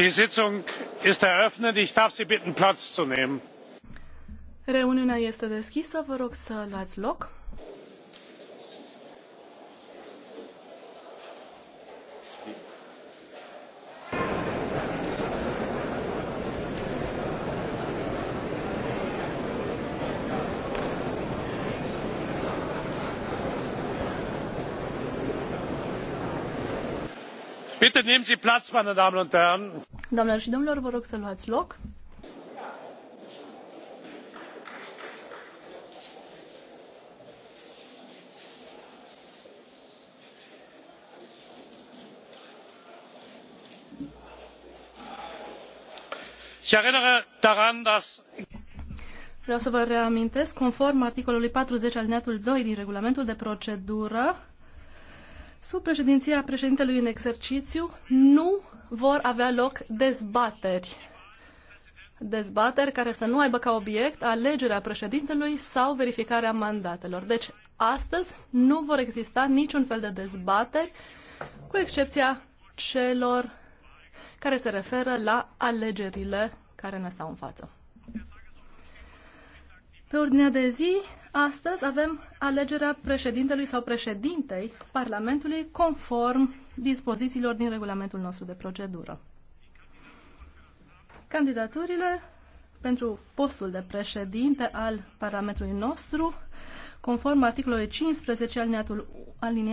die sitzung ist eröffnet. ich darf sie bitten platz zu nehmen. reuniunea este deschisă vă rog să luați loc. Doamnelor și domnilor, vă rog să luați loc. Vreau să vă reamintesc, conform articolului patruzeci alineatul doi din regulamentul de procedură, Sub președinția președintelui în exercițiu nu vor avea loc dezbateri. Dezbateri care să nu aibă ca obiect alegerea președintelui sau verificarea mandatelor. Deci, astăzi nu vor exista niciun fel de dezbateri, cu excepția celor care se referă la alegerile care ne stau în față. Pe ordinea de zi, astăzi avem alegerea președintelui sau președintei Parlamentului conform dispozițiilor din regulamentul nostru de procedură. Candidaturile pentru postul de președinte al Parlamentului nostru, conform articolului 15 alineatul, alineatul